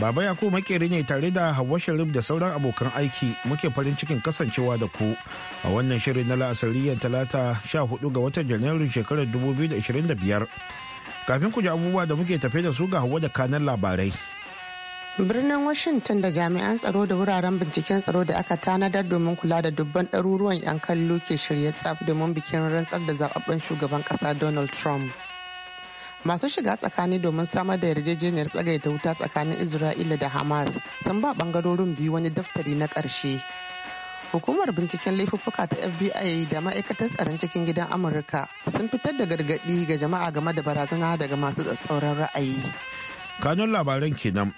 Baba yakub makeri ne tare da Hauwa Sharif da sauran abokan aiki muke farin cikin kasancewa da ku a wannan shirin na la'asariyar talata 14 ga watan janairu shekarar 2025. Kafin ku ji abubuwa da muke tafe da su ga Hauwa da kanan labarai. Birnin Washington da jami'an tsaro da wuraren binciken tsaro da aka tanadar domin kula da dubban ɗaruruwan 'yan kallo ke shirye tsaf domin bikin rantsar da zababben shugaban ƙasa Donald Trump. masu shiga tsakani domin samar da yarjejeniyar tsagaita wuta tsakanin isra'ila da hamas sun ba bangarorin biyu wani daftari na ƙarshe hukumar binciken laifuffuka ta fbi da ma'aikatar tsaron cikin gidan amurka sun fitar da gargaɗi ga jama'a game da barazana daga masu tsatsauran ra'ayi kanun labaran kenan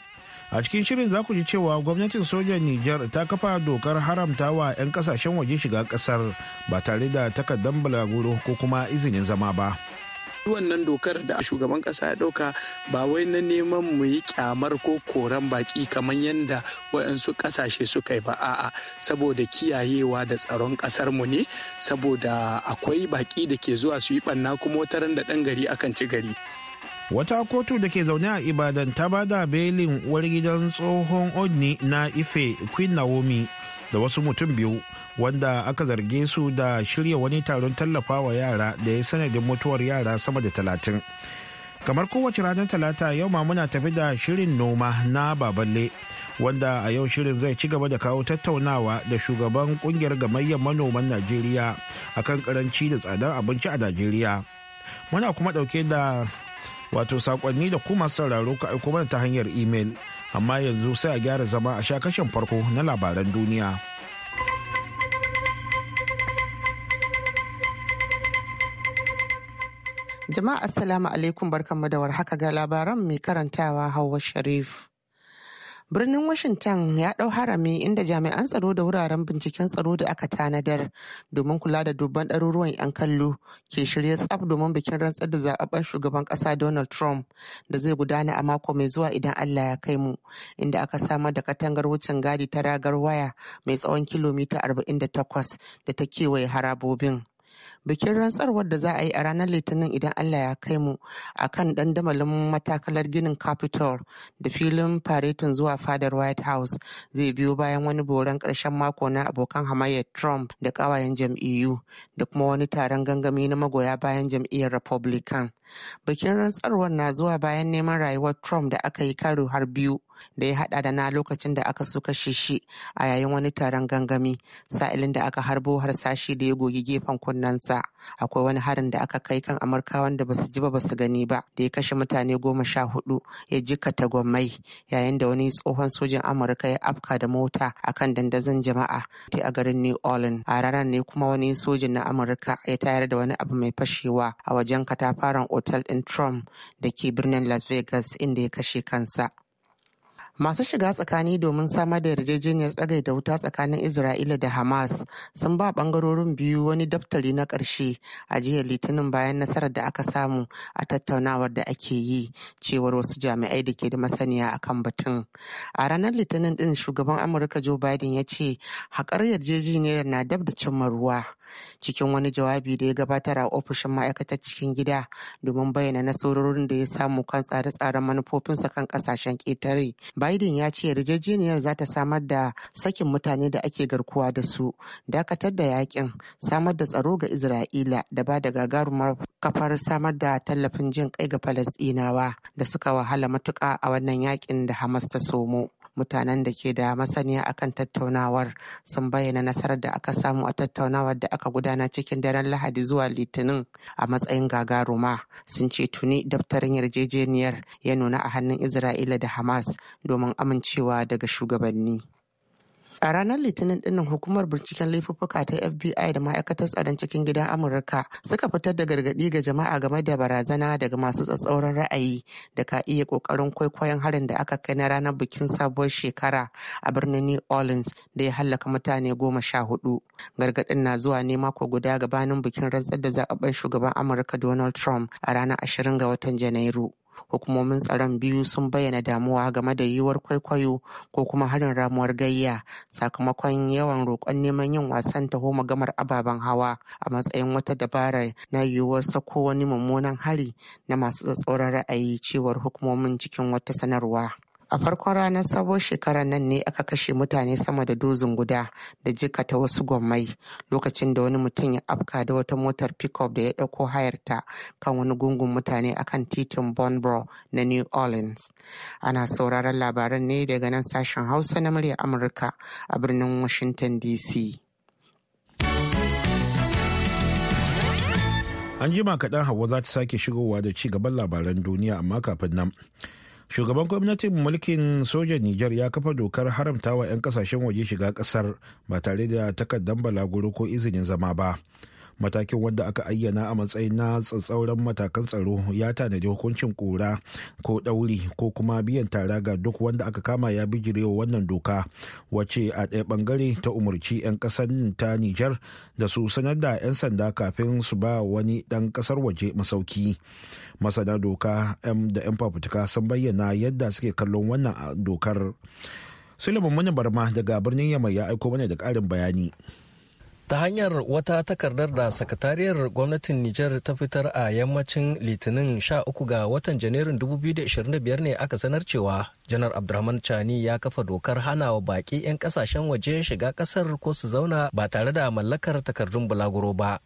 a cikin shirin za ku ji cewa gwamnatin sojan niger ta kafa dokar haramta wa 'yan kasashen waje shiga kasar ba tare da takardar balaguro ko kuma izinin zama ba wannan dokar da shugaban kasa ya dauka ba wai na neman mu yi kyamar ko koran baki kamar yadda wayansu kasashe suka yi ba a'a saboda kiyayewa da tsaron kasar mu ne saboda akwai baki da ke zuwa su yi banna kuma wata ran da dan gari akan ci gari wata kotu da ke zaune a ibadan ta bada belin wargidan gidan tsohon odni na ife queen naomi da wasu mutum biyu wanda aka zarge su da shirya wani taron tallafa wa yara da ya sanadin mutuwar yara sama da talatin. kamar kowace ranar talata yau ma muna tafi da shirin noma na baballe wanda a yau shirin zai ci gaba da kawo tattaunawa da shugaban kungiyar gamayyar manoman najeriya akan karanci da tsadar abinci a najeriya muna kuma dauke da wato sakonni da kuma sauraro ka aiko mana ta hanyar imel amma yanzu sai a gyara zama a sha kashin farko na labaran duniya jama'a assalamu alaikum barkanmu da warhaka ga labaran mai karantawa hawa sharif Birnin Washington ya ɗau harami inda jami'an tsaro da wuraren binciken tsaro da aka tanadar domin kula da dubban ɗaruruwan 'yan kallo ke shirya tsaf domin bikin rantsar da zaɓaɓɓen shugaban ƙasa Donald Trump da zai gudana a mako mai zuwa idan Allah ya kai mu, inda aka samar da katangar wucin gadi ta ragar waya mai tsawon kilomita 48 da ta kewaye harabobin. bikin rantsarwar da za a yi a ranar litinin idan allah ya kai mu a kan dandamalin matakalar ginin capitol da filin faretin zuwa fadar white house zai biyo bayan wani boron karshen mako na abokan hamayyar trump da ƙawayen jam'iyyu da kuma wani taron gangami na magoya bayan jam'iyyar republican bikin rantsarwar na zuwa bayan neman rayuwar trump da aka yi karo har biyu da ya hada da na lokacin da aka so kashe shi a yayin wani taron gangami sa'ilin da aka harbo harsashi da ya gogi gefen kunnen sa, akwai wani harin da aka kai kan amurkawan da basu ji ba basu gani ba da ya kashe mutane goma sha hudu ya jikkata gwammai yayin da wani tsohon sojin amurka ya afka da mota akan dandazon jama'a ta a garin new orleans a ranar ne kuma wani sojin na amurka ya tayar da wani abu mai fashewa a wajen katafaren otal din trump da ke birnin las vegas inda ya kashe kansa masu shiga tsakani domin samar da yarjejeniyar da wuta tsakanin isra'ila da hamas sun ba bangarorin biyu wani daftari na ƙarshe a jiya litinin bayan nasarar da aka samu a tattaunawar da ake yi cewar wasu jami'ai da ke da masaniya akan batun a ranar litinin din shugaban amurka joe biden ya ce haƙar yarjejeniyar na dab da cimma ruwa cikin wani jawabi da ya gabatar a ofishin ma'aikatar cikin gida domin bayyana nasarorin da ya samu kan tsare-tsaren manufofinsa kan kasashen ƙetare. Biden ya ce yarjejeniyar za ta samar da sakin mutane da ake garkuwa da su, dakatar da yakin, samar da tsaro ga Isra'ila da ba da gagarumar kafar samar da tallafin jin kai ga Falasɗinawa da suka wahala matuƙa a wannan yakin da Hamas ta somo. mutanen da ke da masaniya akan tattaunawar sun bayyana nasarar da aka samu a tattaunawar da aka gudana cikin daren lahadi zuwa litinin a matsayin gagaruma sun ce tuni daftarin yarjejeniyar ya nuna a hannun isra'ila da hamas domin amincewa daga shugabanni A ranar Litinin dinnan hukumar binciken laifuffuka ta FBI da ma'aikatar tsaron cikin gidan Amurka suka fitar da gargaɗi ga jama'a game da barazana daga masu tsatsauran ra'ayi da ka iya ƙoƙarin kwaikwayon harin da aka kai na ranar bikin sabuwar shekara a birnin New Orleans da ya hallaka mutane goma sha hudu. Gargaɗin na zuwa ne mako guda gabanin bikin rantsar da zaɓaɓɓen shugaban Amurka Donald Trump a ranar ashirin ga watan Janairu. hukumomin tsaron biyu sun bayyana damuwa game da yiwuwar kwaikwayo ko kuma harin ramuwar gayya sakamakon yawan roƙon neman yin wasan taho magamar ababen hawa a matsayin wata dabara na yiwuwar sako wani mummunan hari na masu tsatsauran ra'ayi cewar hukumomin cikin wata sanarwa. a farkon ranar sabon shekarar nan ne aka kashe mutane sama da dozin guda da jikata wasu gwammai lokacin da wani mutum ya afka da wata motar pickup da ya dauko hayarta kan wani gungun mutane akan titin bonboro na new orleans ana sauraron labaran ne daga nan sashen hausa na murya amurka a birnin washington dc an jima kaɗan hawa za ta sake shigowa da ci gaban labaran duniya amma kafin nan shugaban gwamnatin mulkin sojan nijar ya kafa dokar haramtawa 'yan kasashen waje shiga kasar ba tare da takardar balaguro ko izinin zama ba matakin wadda aka ayyana a matsayin na tsatsauran matakan tsaro ya tanadi hukuncin kura ko dauri ko kuma biyan tara ga duk wanda aka kama ya bijirewa wannan doka wacce a ɗaya bangare ta umarci 'yan ƙasar ta nijar da su sanar da 'yan sanda kafin su ba wani ɗan ƙasar waje masauki masana doka m da 'yan fafutuka sun bayyana yadda suke kallon wannan dokar Sulaiman mani barma daga birnin yamai ya aiko mana da ƙarin bayani ta hanyar wata takardar da sakatariyar gwamnatin Nijar ta fitar a yammacin litinin 13 ga watan janairun 2025 ne aka sanar cewa janar Abdurrahman chani ya kafa dokar hana wa baki 'yan kasashen waje shiga kasar ko su zauna ba tare da mallakar takardun bulaguro ba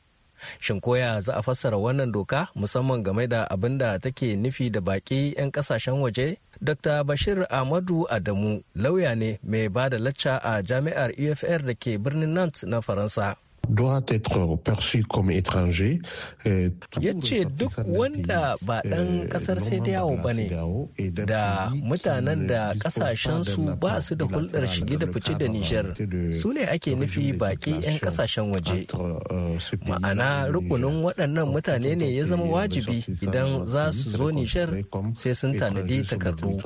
shin koya za a fassara wannan doka musamman game da abin da take nufi da baki 'yan kasashen waje Dr. Bashir Ahmadu Adamu lauya ne mai ba da lacca a jami'ar UFR e da ke birnin Nantes na Faransa. doit être perçu comme étranger. Ya ce duk wanda ba eh, ɗan ƙasar Sediyawo ba ne da mutanen da ƙasashensu ba su da hulɗar shige da fice da Nijar su ne ake nufi baƙi 'yan kasashen waje. Euh, Ma'ana rukunin waɗannan euh, mutane ne ya zama wajibi idan za su zo Nijar sai sun tanadi takardu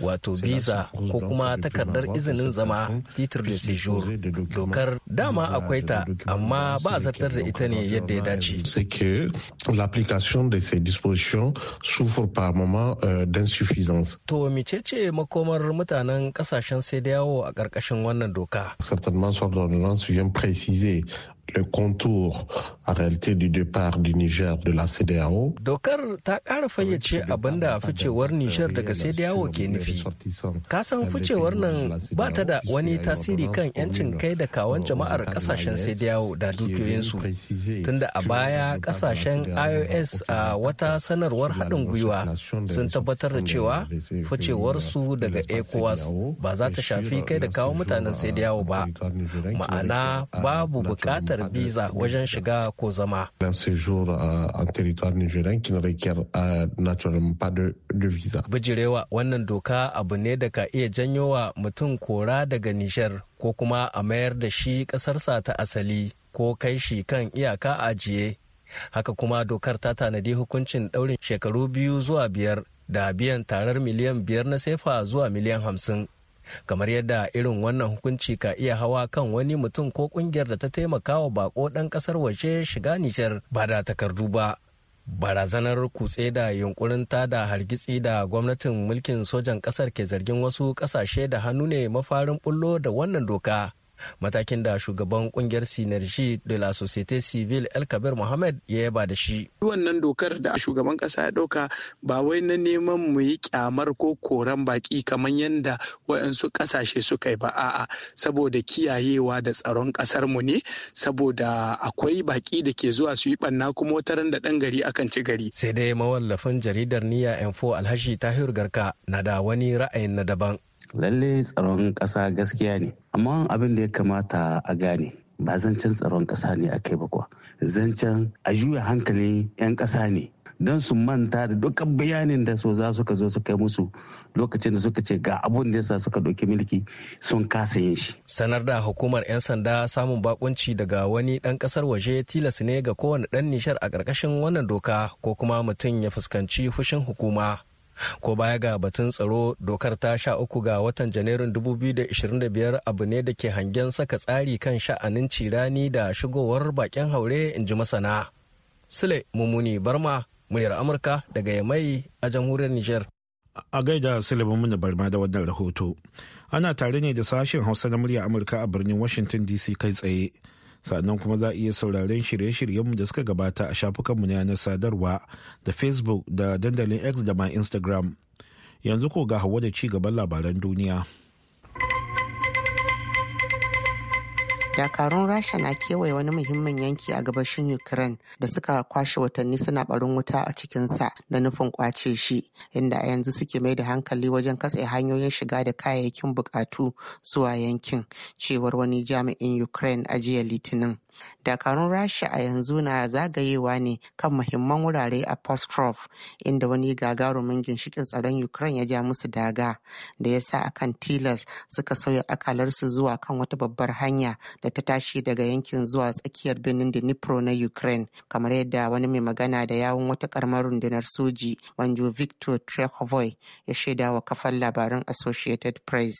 wato visa ko kuma takardar izinin zama titir da sejur dokar dama akwai ta amma ba a zartar da ita ne yadda ya dace. Sake l'application de ces dispositions souffre par moment euh, d'insuffisance. To mice ce makomar mutanen kasashen sai da yawo a ƙarƙashin wannan doka. Certainement, son ordonnance vient préciser le contour a réalité du départ du Niger de la CDAO. Dokar ta ƙara fayyace abin da ficewar Niger daga CDAO ke nufi. ka san ficewar nan ba ta da wani tasiri kan 'yancin kai da kawon jama'ar kasashen CDAO da dukiyoyinsu. Tunda a baya kasashen IOS a ah, wata sanarwar haɗin gwiwa sun tabbatar da cewa ficewarsu daga ECOWAS ba za ta shafi kai da kawo mutanen CDAO ba. Ma'ana babu buƙatar buƙatar biza wajen shiga ko zama. Euh, euh, Bijirewa wannan doka abu ne da ka iya janyo wa mutum kora daga Nijar ko kuma a mayar da shi ƙasarsa ta asali ko kai shi kan iyaka ajiye. Haka kuma dokar ta tanadi hukuncin ɗaurin shekaru biyu zuwa biyar da biyan tarar miliyan biyar na sefa zuwa miliyan hamsin. kamar yadda irin wannan hukunci ka iya hawa kan wani mutum ko kungiyar da ta taimaka wa bako ɗan ƙasar waje shiga nijar ba da takardu ba barazanar kutse da yunkurin da hargitsi da gwamnatin mulkin sojan ƙasar ke zargin wasu ƙasashe da hannu ne mafarin bullo da wannan doka matakin da shugaban kungiyar sinergi de la société civile el kabir mohammed ya yaba da shi wannan dokar da shugaban kasa ya dauka ba wai na neman mu yi kyamar ko koran baki kamar yadda wayansu kasashe suka yi ba a'a saboda kiyayewa da tsaron kasar mu ne saboda akwai baki da ke zuwa su yi banna kuma wata da dan gari akan ci gari sai dai mawallafin jaridar niyya info alhaji tahir garka na da wani ra'ayin na daban lalle tsaron ƙasa gaskiya ne amma abin da ya kamata a gane ba zancen tsaron ƙasa ne a kai bakwa zancen a juya hankali 'yan ƙasa ne don su manta da dukkan bayanin da so za suka zo suka kai musu lokacin da suka ce ga abun da yasa suka ɗauki mulki sun kasa yin shi. Sanar da hukumar 'yan sanda samun bakunci daga wani ɗan ƙasar waje tilas ne ga kowane ɗan nishar a ƙarƙashin wannan doka ko kuma mutum ya fuskanci fushin hukuma. ko baya ga batun tsaro dokar ta sha uku ga watan janairun 2025 abu ne da ke hangen saka tsari kan sha'anin cirani da shigowar bakin haure in ji masana sule mummuni barma muryar amurka daga yamai a jamhuriyar niger a gaida sule mummuni barma da wannan rahoto ana tare ne da sashen hausa na murya amurka a birnin washington dc kai tsaye sannan kuma za a iya sauraren shirye-shiryenmu da suka gabata a shafukanmu na yanar sadarwa da facebook da dandalin x da ma instagram yanzu ko ga hawa da ci gaban labaran duniya. dakarun rasha na kewaye wani muhimmin yanki a gabashin ukraine da suka kwashe watanni suna barin wuta a cikinsa da nufin kwace shi inda a yanzu suke mai da hankali wajen katse hanyoyin shiga da kayayyakin bukatu zuwa yankin cewar wani jami'in ukraine a jiya litinin dakarun rasha a yanzu na zagayewa ne kan muhimman wurare a postcroft inda wani gagarumin ginshikin tsaron ukraine ya ja musu daga da ya sa akan tilas suka sauya akalarsu zuwa kan wata babbar hanya da ta tashi daga yankin zuwa tsakiyar birnin dnipro na ukraine kamar yadda wani mai magana da yawon wata karamar rundunar soji wanjo victor trekovoy ya shaida wa kafar labaran associated press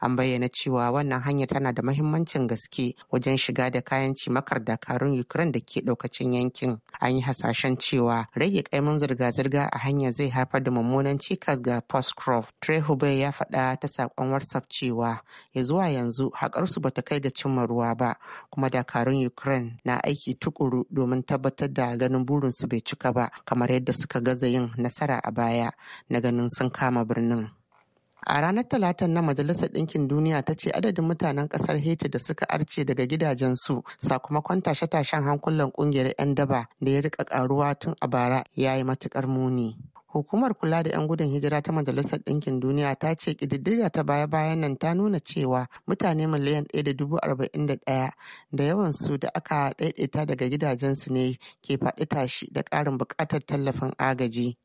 an bayyana cewa wannan hanya tana da mahimmancin gaske wajen shiga da kayan makar dakarun Ukraine da ke ɗaukacin yankin. An yi hasashen cewa rage kaimin zirga-zirga a hanya zai haifar da mummunan cikas ga Postcroft. Trehube ya faɗa ta saƙon WhatsApp cewa ya zuwa yanzu haƙarsu bata kai ga cimma ruwa ba kuma dakarun Ukraine na aiki tukuru domin tabbatar da ganin burinsu bai cika ba kamar yadda suka gaza yin nasara a baya na ganin sun kama birnin. A ranar Talatan na Majalisar Ɗinkin Duniya ta ce adadin mutanen ƙasar Haiti da suka arce daga gidajensu sakamakon tashe-tashen hankulan ƙungiyar 'yan daba da ya rika ƙaruwa tun a bara ya yi matuƙar muni. hukumar kula da 'yan gudun hijira ta majalisar ɗinkin duniya ta ce ƙididdiga ta baya-bayan nan ta nuna cewa mutane miliyan ɗaya da dubu arba'in da ɗaya da yawansu da aka ɗaiɗaita daga gidajensu ne ke faɗi tashi da ƙarin buƙatar tallafin agaji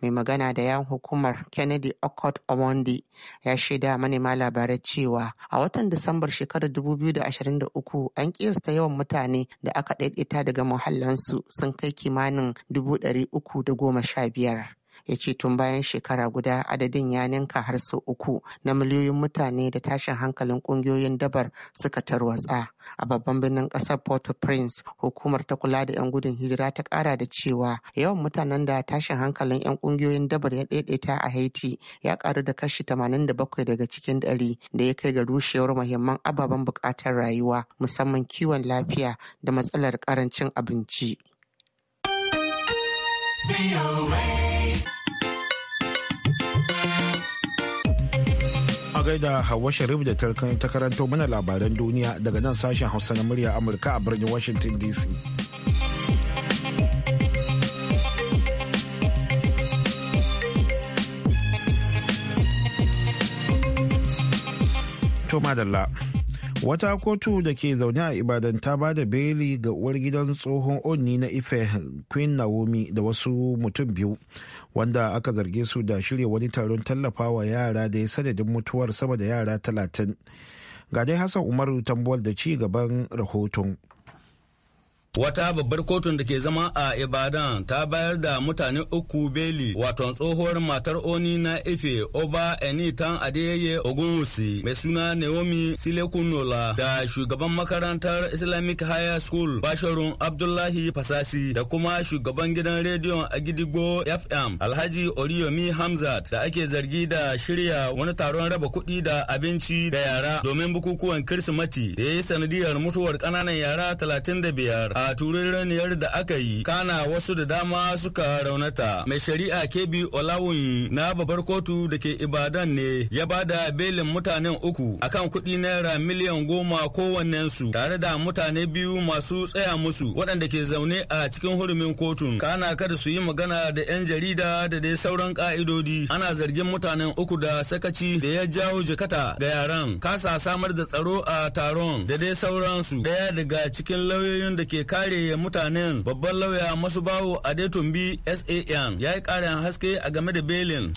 mai magana da yan hukumar kennedy okot omondi ya shaida manema labarai cewa a watan disambar shekarar 2023 an kiyasta yawan mutane da aka daidaita daga muhallansu sun kai kimanin 315 ya ce tun bayan shekara guda adadin ya ninka har sau uku na miliyoyin mutane da tashin hankalin kungiyoyin dabar suka tarwatsa a babban birnin kasar port-au-prince hukumar ta kula da 'yan gudun hijira ta kara da cewa yawan mutanen da tashin hankalin 'yan kungiyoyin dabar ya daidaita a haiti ya karu da kashi tamanin da bakwai daga cikin ɗari da ya kai ga rushewar muhimman ababen bukatar rayuwa musamman kiwon lafiya da matsalar karancin abinci. gaida Hauwa Sharif da ta karanto mana labaran duniya daga nan sashen Hausa na murya Amurka a birnin Washington DC. To madalla. wata kotu da ke zaune a ibadan ta ba da beli ga uwar gidan tsohon onni na ife queen naomi da wasu mutum biyu wanda aka zarge su da shirya wani taron tallafawa yara da ya sanadin mutuwar sama da yara talatin ga dai hassan umaru tambuwal da ci gaban rahoton Wata babbar kotun da ke zama a Ibadan ta bayar da mutane uku beli wato tsohuwar matar oni na Ife Oba Enitan Adeyeye Ogunwusi mai suna Naomi Silekunola da shugaban makarantar Islamic Higher School Basharun Abdullahi Fasasi da kuma shugaban gidan rediyon Agidigbo FM Alhaji Oriyomi Hamzat da ake zargi da shirya wani taron raba kuɗi da abinci da yara domin bukukuwan Kirsimati da ya yi sanadiyar mutuwar ƙananan yara 35 a a turirreniyar da aka yi kana wasu da dama suka raunata mai shari'a kebi olawun na babar kotu da ke ibadan ne ya ba da belin mutanen uku akan kuɗi naira miliyan goma kowannensu tare da mutane biyu masu tsaya musu waɗanda ke zaune a cikin hurumin kotun kana kada su yi magana da 'yan jarida da dai sauran ka'idodi ana zargin mutanen uku da sakaci da ya jawo jakata ga yaran kasa samar da tsaro a taron da dai sauransu daya daga cikin lauyoyin da ke kare mutanen babban lauya masu bawo a Detumbi SAN ya yi ƙarin haske a game da belin.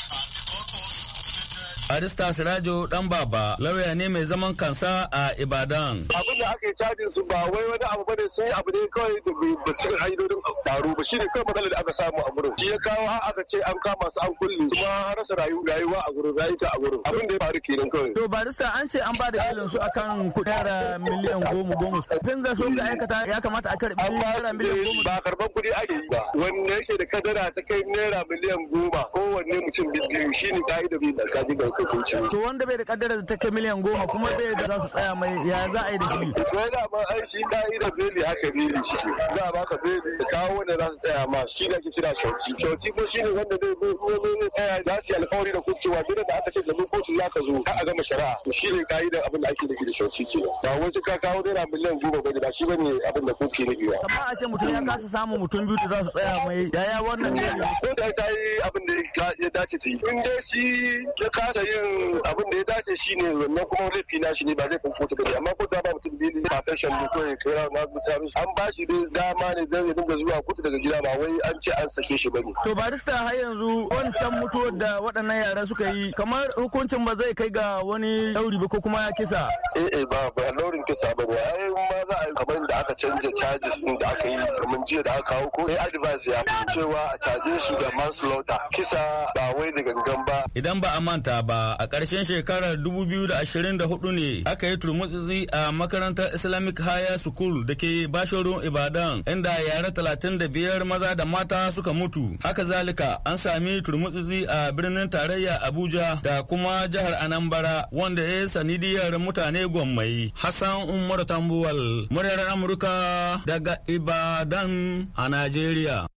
Arista Sirajo dan baba lauya ne mai zaman kansa a Ibadan. Abin da ake cajin su ba wai wani abu bane sai abu ne kawai da ba su haidodin taro ba shine kawai matsalar da aka samu a gurin. Shi ya kawo har aka ce an kama su an kulle kuma an rasa rayuwa a gurin rayuka a gurin. Abin da ya faru kenan kawai. To barista an ce an ba da ilin su akan kudara miliyan goma goma. Fin za su ga aikata ya kamata a karbi naira miliyan goma. Ba karban kudi ake yi ba. Wanne yake da kadara ta kai naira miliyan goma kowanne mutum biyu shine ka'idar da ka ji to wanda bai da kaddara da kai miliyan goma kuma bai da za su tsaya mai ya za a yi da shi wai da ba ai shi da ida beli haka beli shi za a baka beli kawo wanda za su tsaya ma shi da ke kira shauci shauci ko shi ne wanda zai zo kuma zo ne tsaya za su yi alkawari da kuma cewa gidan da aka ce da mu kotu za ka zo ka a gama shari'a to shi ne ka'idar abin da ake nufi da shauci ke ba wai sai ka kawo naira miliyan goma ba ba shi bane abin da kuke nufi ba amma a ce mutum ya kasa samun mutum biyu da za su tsaya mai yaya wannan ne ko da ta yi abin da ya dace ta yi in dai shi ya kasa yin abin da ya dace shi ne wannan kuma laifi na shi ne ba zai kunfu ba amma ko da ba mutum biyu ne matan shan ko ya ma gusa musaru an ba shi dai dama ne zai dinga zuwa kutu daga gida ba wai an ce an sake shi ne. to barista har yanzu wancan mutuwar da waɗannan yara suka yi kamar hukuncin ba zai kai ga wani ɗauri ba ko kuma kisa. eh eh ba ba laurin kisa ba ba ai ma za a yi kamar da aka canja charges din da aka yi kamar jiya da aka kawo ko eh advice ya fi cewa a caje su da manslaughter kisa ba wai da gangan ba. idan ba a manta ba a ƙarshen shekarar 2024 ne aka yi turmutsitsi a makarantar Islamic Higher School da ke Bashirin Ibadan inda yare 35 maza da mata suka mutu. Haka zalika an sami turmutsitsi a birnin tarayya Abuja da kuma jihar Anambra wanda ya sanidiyar mutane gwammai. Hassan Umar Tambuwal, muryar Amurka daga Ibadan a Najeriya.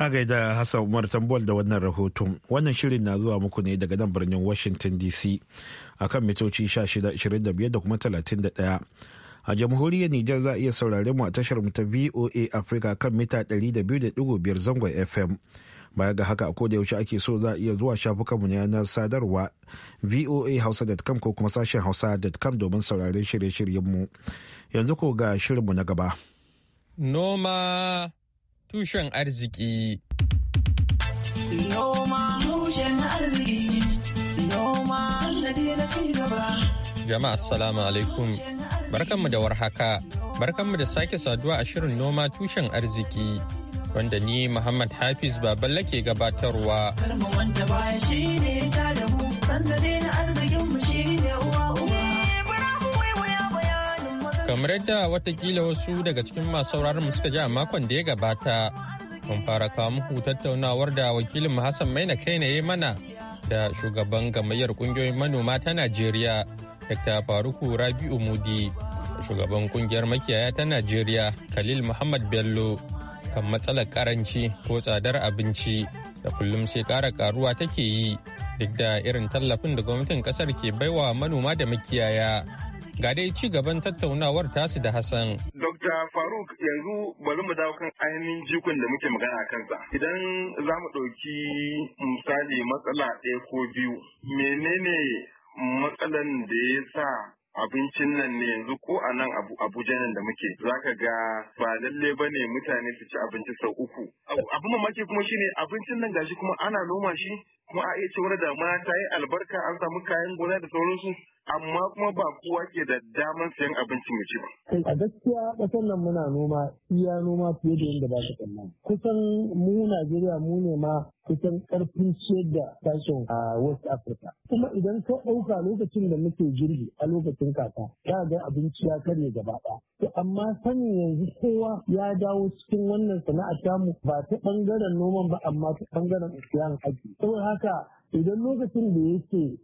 A gaida Hassan Umar Tambol da wannan rahoton. Wannan shirin na zuwa muku ne daga nan birnin Washington DC a kan mitoci 1625 da kuma 31. A jamhuriyar Nijar za a iya saurare mu a tashar mu ta VOA Africa kan mita 200.5 zangon FM. Baya ga haka a koda yaushe ake so za a iya zuwa shafukanmu na yanar sadarwa VOA Hausa.com ko kuma sashen hausa.com domin sauraren shirye-shiryenmu. Yanzu ko ga shirinmu na gaba. Noma tushen arziki. Jama'a assalamu alaikum, barkanmu da warhaka, barkanmu da sake saduwa a shirin noma tushen arziki. Wanda ni Muhammad Hafiz Baballa ke gabatarwa. Karmu wanda baya shi ne ta da mu, sanda na arzikinmu shi ne Kamar yadda watakila wasu daga cikin masu sauraron mu suka ji a makon da ya gabata, mun fara kawo muku tattaunawar da wakilin mu Hassan Maina kai yi mana da shugaban gamayyar kungiyoyin manoma ta Najeriya, Dr. Faruku Rabi'u Mudi, shugaban kungiyar makiyaya ta Najeriya, Khalil Muhammad Bello, kan matsalar karanci ko tsadar abinci da kullum sai kara karuwa take yi duk da irin tallafin da gwamnatin kasar ke baiwa manoma da makiyaya. Ga dai ci gaban tattaunawar tasu da Hassan. Dr. Faruk yanzu bari mu dawo kan ainihin jikon da muke magana a kansa. Idan za mu ɗauki misali matsala ɗaya ko biyu, menene matsalan da ya sa abincin nan ne yanzu ko a nan abuja nan da muke za ka ga ba lalle ba ne mutane su ci abinci sau uku abu mamaki kuma shine abincin nan gashi kuma ana noma shi kuma a iya cewar da ma ta yi albarka an samu kayan gona da sauransu amma kuma ba kowa ke da damar sayan abinci mai ci ba. Eh, a gaskiya ƙasar nan muna noma iya noma fiye da yadda ba su tsammani. Kusan mu Najeriya mu ne ma kusan ƙarfin ciyar da sashen a West Africa. Kuma idan ka ɗauka lokacin da muke girbi a lokacin kaka za ga abinci ya karye gaba ɗaya. To amma sanin yanzu kowa ya dawo cikin wannan sana'a tamu ba ta ɓangaren noman ba amma ta ɓangaren siyan aiki. Saboda haka idan lokacin da yake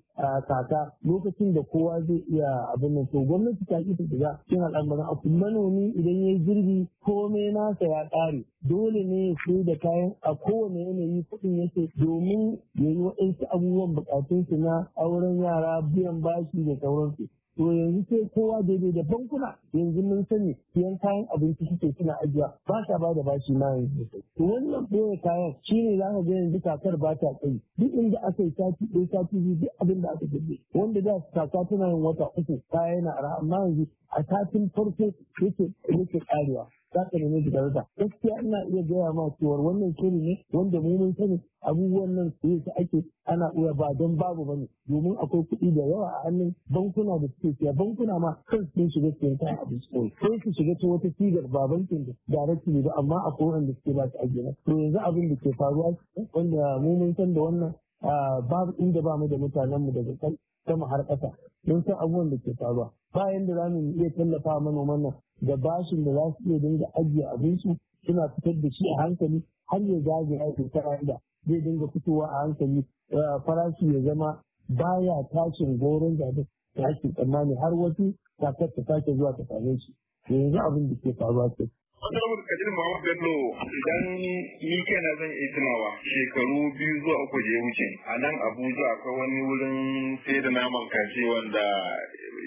kaka lokacin da kowa zai iya abin nan gwamnati ta isa shiga cikin al'amuran abu manomi idan ya yi girbi komai nasa ya ƙare dole ne ya sai da kayan a kowane yanayi kuɗin yake domin ya yi waɗansu abubuwan buƙatunsu na auren yara biyan bashi da sauransu to yanzu sai kowa daidai da bankuna yanzu mun sani siyan kayan abinci suke suna ajiya ba sa ba da bashi ma yanzu to wannan boye kayan shi ne za ka ga yanzu kakar ba ta kai duk inda aka yi sati ɗaya sati biyu duk abin da aka daɗe wanda da kaka tana yin wata uku kaya yana arha amma yanzu a satin farko yake yake karewa zaka na da ki rasa gaskiya ina iya gaya ma cewar wannan shiri ne wanda mu mun sani abubuwan nan sai ta ake ana uya ba don babu bane domin akwai kuɗi da yawa a hannun bankuna da suke siya bankuna ma kan sun shiga cikin kayan abinci sai su shiga ta wata sigar ba bankin da directly ba amma akwai wanda suke ba su ajiye to yanzu abin da ke faruwa wanda mu mun san da wannan Ah, babu inda ba mu da mutanen mu daga kan sama har ƙasa mun san abubuwan da ke faruwa bayan da za mu iya tallafa manoman nan da bashin da za su iya dinga ajiye abinsu suna fitar da shi a hankali har ya zagaya shekara da zai dinga fitowa a hankali ah, farashi ya zama baya tashin goron zabe da tashin tsammani har wasu kakar ta sake zuwa ta same shi yanzu abin da ke faruwa ce Asalin Kadir Mahmud Bello idan ni kena zan iya tunawa shekaru biyu zuwa uku je wuce a nan Abuja akwai wani wurin sai da naman kaji wanda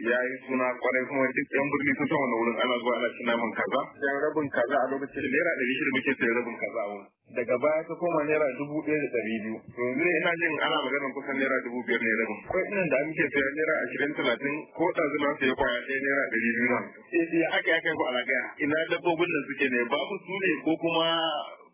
ya yi suna kwarai kuma duk yan birni sun san wani wurin ana zuwa ana cin naman kaza. Yan rabin kaza a lokacin naira ɗari shida muke sayan rabin kaza a wurin. daga baya ta koma naira dubu ɗaya da ɗari biyu yanzu ne ina jin ana maganar kusan naira dubu biyar ne rabin akwai ɗin da muke sayar naira ashirin talatin ko ɗazu na sayi kwaya ɗaya naira ɗari biyu na sai aka yi aka yi ku lagaya ina dabbobin da suke ne babu su ne ko kuma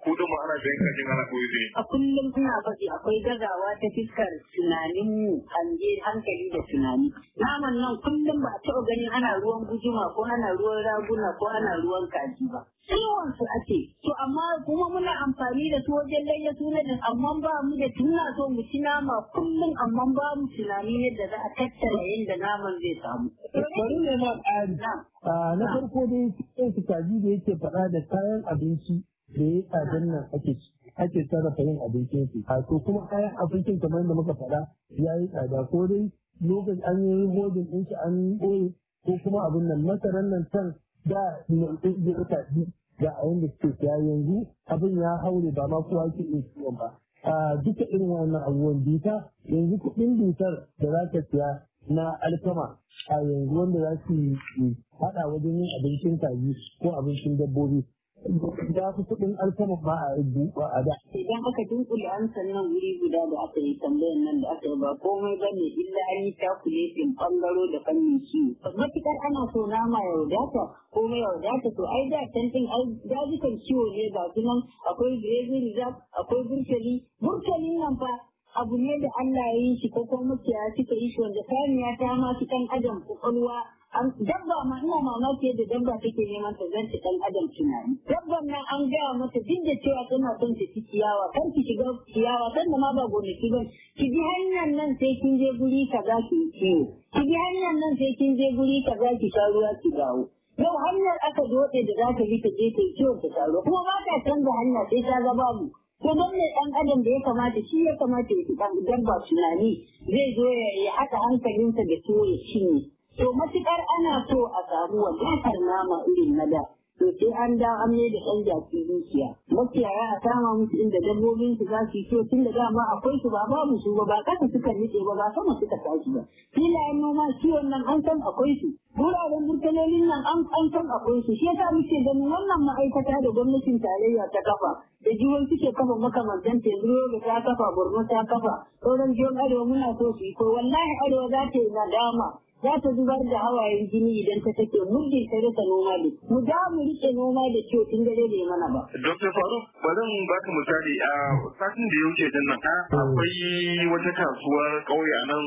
kudin mu ana sayan kashin ana koyo A kullum suna faɗi akwai gazawa ta fiskar tunanin hange hankali da tunani. Naman nan kullum ba a taɓa ganin ana ruwan gujuma ko ana ruwan raguna ko ana ruwan kaji ba. ciwon su ake to amma kuma muna amfani da su wajen layya sunanin amma ba mu da tuna so mu ci nama kullum amma ba mu tunani yadda za a tattara yadda naman zai samu. Bari ne ma ƙari. Ah, na farko dai sai su kaji da yake faɗa da kayan abinci da ya tsadan nan ake ake sarrafa yin abincin su. A ah, to kuma kayan abincin kamar yadda muka faɗa ya yi tsada ko dai lokacin an yi rigodin ɗinsu an ɓoye ko kuma abin nan masarar nan can da ya da a yanda suke siya yanzu abin ya haure ba ma kowa ke iya ciwon ba duka irin wannan abubuwan bita yanzu kuɗin dutar da za ka siya na alkama a yanzu wanda za su haɗa wajen yin abincin kaji ko abincin dabbobi da su kuɗin alkanan ba a ba a da. Idan aka dunkule an sannan wuri guda da aka yi tambayar nan da aka yi ba komai ba ne illa an yi takuletin ɓangaro da fannin kiwo. Matuƙar ana so nama ya wadata komai ya wadata to ai da can ɗin ai dajikan kiwo ne ba su nan akwai grazing reserve akwai burtali burtali nan fa abu ne da Allah ya yi shi ko kuma mutiya suka yi shi wanda saniya ta ma su kan ajan kwakwalwa dabba ma ina mamaki da dabba take neman ta zanci dan adam tunani dabban nan an gaya mata duk da cewa tana son ta ci ciyawa kan ki shiga ciyawa kan da ma ba gonaki ba ki bi hanyar nan sai kin je guri kaza ki ciwo ki bi hanyar nan sai kin je guri kaza ki sha ruwa ki dawo yau hanyar aka dode da za ta bi ta je ta ciwo ta sha ruwa kuma ba ta canza hanya sai ta ga babu ko don ne dan adam da ya kamata shi ya kamata ya dan dabba tunani zai zo ya yi. haka hankalinsa da ciwo ya cinye To matuƙar ana so a samu wadatar nama irin na da. to sai an da an da ɗan jaki dukiya makiyaya a kama musu inda dabbobin su za su yi so tun da dama akwai su ba babu su ba ba kasa suka nitse ba ba sama suka tashi ba filayen noma ciwon nan an san akwai su Buraren burtalolin nan an san akwai su shi yasa muke ganin wannan ma'aikata da gwamnatin tarayya ta kafa da jihohi suke kafa makamantan tezuro da ta kafa borno ta kafa sauran jihohin arewa muna so su yi ko wallahi arewa za ta yi nadama za ta zubar da hawayen jini idan ta take muddin ta rasa noma da mu da mu rike noma da kyau tun dare ne mana ba. Dr. Faruk zan ba ka misali a satin da ya wuce din nan hmm. akwai wata kasuwar ƙauye a nan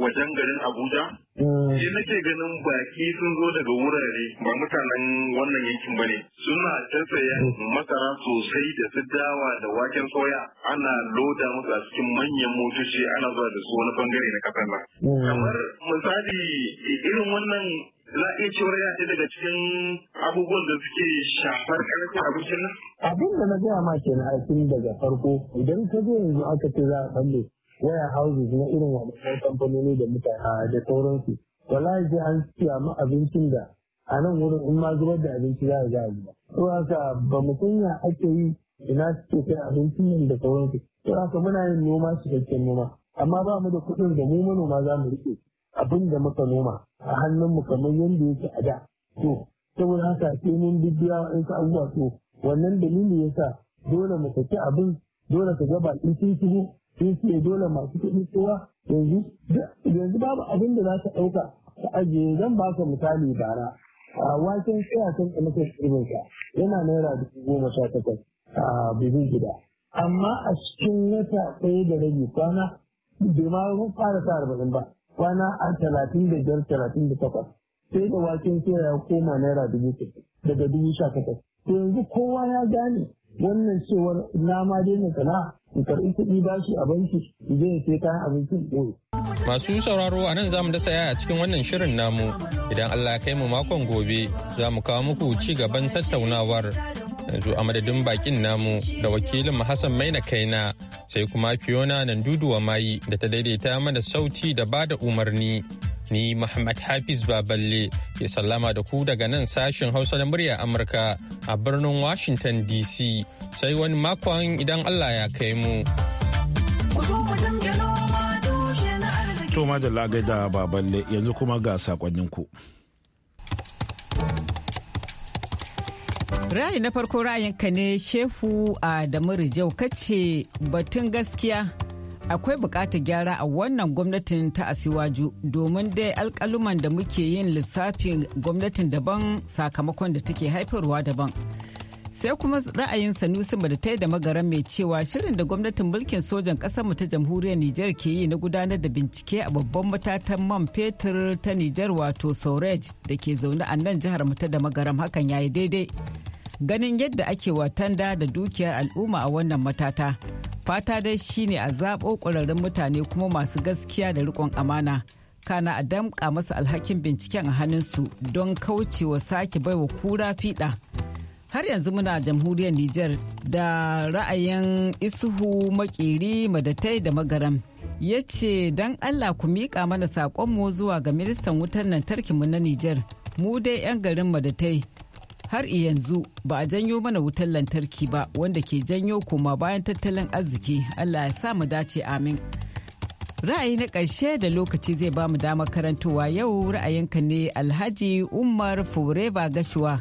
wajen garin Abuja. Hmm. Shi nake ganin baki sun zo daga wurare ba mutanen wannan yankin ba ne. Suna ta masara sosai da su dawa da waken soya ana loda musu a cikin manyan motoci ana zuwa da su wani bangare na kasar nan. Hmm. Kamar misali irin wannan za iya cewar ce daga cikin abubuwan da suke shafar karfin abincin nan? Abin da na gaya ma na a cikin daga farko idan ka zo yanzu aka ce za a kalle waya houses na irin waɗannan kamfanoni da mutane ah, da sauransu wallahi sai an ma abincin da a nan wurin in ma zubar da abinci za a ga ba. To haka ba mu sanya ake yi ina suke kai abincin nan da sauransu. To haka muna yin noma su cikakken noma amma ba mu da kuɗin da mu manoma za mu riƙe. abin da muka noma a hannun mu kamar yadda yake a da to saboda haka sai mun bibiya waɗansu abubuwa to wannan dalili yasa dole mu saki abin dole ka ga baƙi sun shigo sun siya dole masu kuɗi kowa yanzu yanzu babu abin da za ka ɗauka ka ajiye zan baka misali bara a waken tsaya kan ƙamasar irinka yana naira dubu goma sha takwas a bibin gida amma a cikin wata ɗaya da rage kwana bai ma fara sa arba'in ba kwana a talatin da biyar talatin da takwas sai da waken kera ya koma naira dubu daga dubu sha takwas to yanzu kowa ya gane wannan cewar na ma daina sana'a in karɓi kuɗi bashi a banki in je in sai kayan abincin ɗoyi. Masu sauraro a nan zamu dasa yaya cikin wannan shirin namu idan Allah ya kai mu makon gobe za mu kawo muku ci gaban tattaunawar yanzu a madadin bakin namu da wakilin Hassan Maina Kaina sai kuma Fiona duduwa Mayi da ta daidaita mana sauti da ba da umarni. Ni Muhammad Hafiz Baballe ke sallama da ku daga nan sashen Hausa da murya Amurka a birnin Washington DC sai wani makon idan Allah ya kai mu. To da lagai da Baballe yanzu kuma ga sakonninku. Ra'ayi na farko ra'ayinka ne Shehu a Damiru Jau kace batun gaskiya akwai bukatar gyara a wannan gwamnatin ta asiwaju domin dai alkaluman da muke yin lissafin gwamnatin daban sakamakon da take haifarwa daban. sai kuma ra'ayin sanusi yi da magaran mai cewa shirin da gwamnatin mulkin sojan mu ta jamhuriyar nijar ke yi na gudanar da bincike a babban matatan man fetur ta nijar wato sorej da ke zaune a nan jihar mu ta da magaram hakan ya yi daidai ganin yadda ake watanda da dukiyar al'umma a wannan matata fata dai shine a zaɓo ƙwararrun mutane kuma masu gaskiya da riƙon amana kana a damƙa masa alhakin binciken a hannunsu don kaucewa sake baiwa kura fiɗa har yanzu muna jamhuriyar Nijar da ra'ayin isuhu maƙeri madatai da magaram ya ce don Allah ku miƙa mana saƙonmu zuwa ga ministan wutar lantarkinmu na Nijar mu dai 'yan garin madatai har yanzu ba a janyo mana wutar lantarki ba wanda ke janyo koma bayan tattalin arziki Allah ya sa mu dace amin. ra'ayi na ƙarshe da lokaci zai ba mu damar karantowa yau ra'ayinka ne alhaji umar forever gashuwa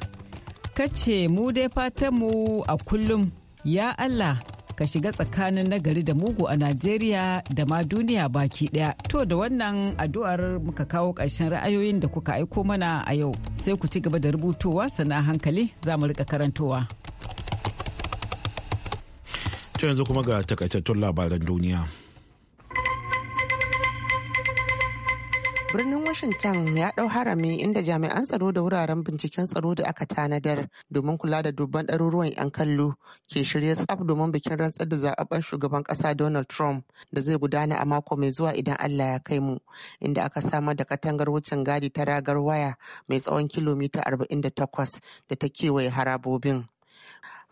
kace mu dai mu a kullum ya Allah ka shiga tsakanin nagari da mugu a Najeriya da ma duniya baki daya. To da wannan addu'ar muka kawo ƙarshen ra'ayoyin da kuka aiko mana a yau. Sai ku ci gaba da rubutuwa sana hankali za mu rika karantowa. To yanzu kuma ga takaitattun labaran duniya. birnin washington ya ɗau harami inda jami'an tsaro da wuraren binciken tsaro da aka tanadar domin kula da dubban ɗaruruwan 'yan kallo ke shirya tsaf domin bikin rantsar da zaɓaɓɓen shugaban ƙasa donald trump da zai gudana a mako mai zuwa idan allah ya kai mu inda aka samar da katangar wucin gadi ta ragar waya mai tsawon kilomita 48 da ta kewaye harabobin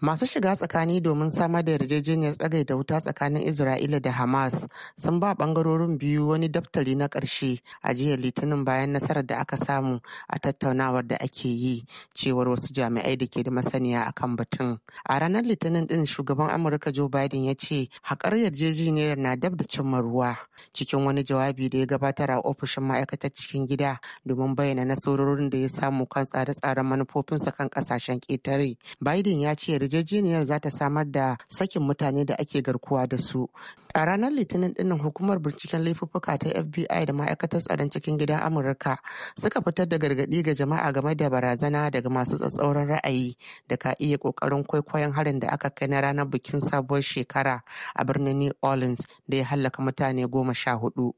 Masu shiga tsakani domin samar da yarjejeniyar tsagai da wuta tsakanin Isra'ila da Hamas sun ba bangarorin biyu wani daftari na karshe a jiya Litinin bayan nasarar da aka samu a tattaunawar da ake yi cewar wasu jami'ai da ke da masaniya akan batun. A ranar Litinin din shugaban Amurka Joe Biden ya ce haƙar yarjejeniyar na dab da cimma ruwa cikin wani jawabi da ya gabatar a ofishin ma'aikatar cikin gida domin bayyana nasarorin da ya samu kan tsare-tsaren manufofinsa kan kasashen ƙetare. Biden ya ce yarjejeniyar za ta samar da sakin mutane da ake garkuwa da su a ranar litinin dinnan hukumar binciken laifuffuka ta fbi da ma'aikatar tsaron cikin gidan amurka suka fitar da gargaɗi ga jama'a game da barazana daga masu tsatsauran ra'ayi da ka iya ƙoƙarin kwaikwayon harin da aka kai na ranar bikin sabuwar shekara a birnin new orleans da ya hallaka mutane goma sha hudu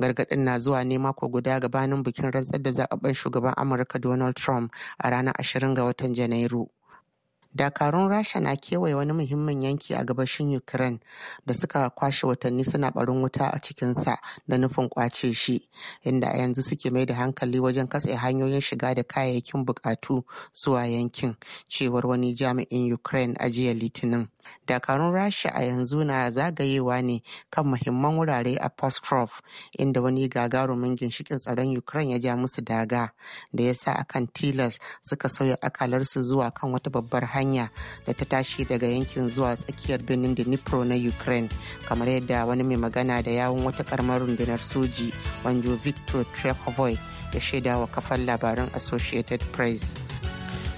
gargaɗin na zuwa ne mako guda gabanin bikin rantsar da zaɓaɓɓen shugaban amurka donald trump a ranar ashirin ga watan janairu Dakarun Rasha na kewaye wani muhimmin yanki a gabashin Ukraine da suka kwashe watanni suna barin wuta a cikinsa da nufin kwace shi, inda a yanzu suke mai da hankali wajen katse hanyoyin shiga da kayayyakin bukatu zuwa yankin, cewar wani jami'in Ukraine a jiya Litinin. Dakarun Rasha a yanzu na zagayewa ne kan muhimman wurare a postcroft inda wani gagarumin ginshikin tsaron Ukraine ya ja musu daga, da ya sa akan tilas suka sauya akalarsu zuwa kan wata babbar hanya. hanya da ta tashi daga yankin zuwa tsakiyar birnin dnipro na ukraine kamar yadda wani mai magana da yawon wata karamar rundunar soji wanjo victor trekovoy ya shaida wa kafar labaran associated press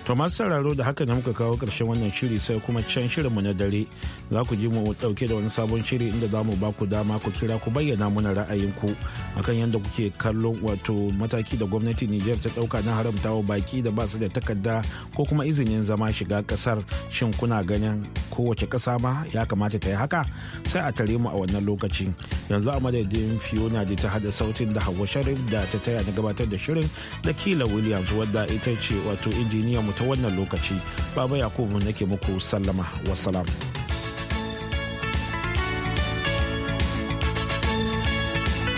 To masu sauraro da haka na muka kawo ƙarshen wannan shiri sai kuma can shirinmu na dare za ku ji mu ɗauke da wani sabon shiri inda za mu ba ku dama ku kira ku bayyana muna ra'ayinku akan yadda kuke kallon wato mataki da gwamnati Nijar ta ɗauka na haramtawa baki da ba su da takarda ko kuma izinin zama shiga ƙasar shin kuna ganin kowace ƙasa ma ya kamata ta yi haka sai a tare mu a wannan lokacin yanzu a madadin Fiona da ta hada sautin da Hauwa Sharif da ta taya na gabatar da shirin da Kila Williams wadda ita ce wato injiniyan mu ta wannan lokaci baba yakubu nake muku sallama wasalam.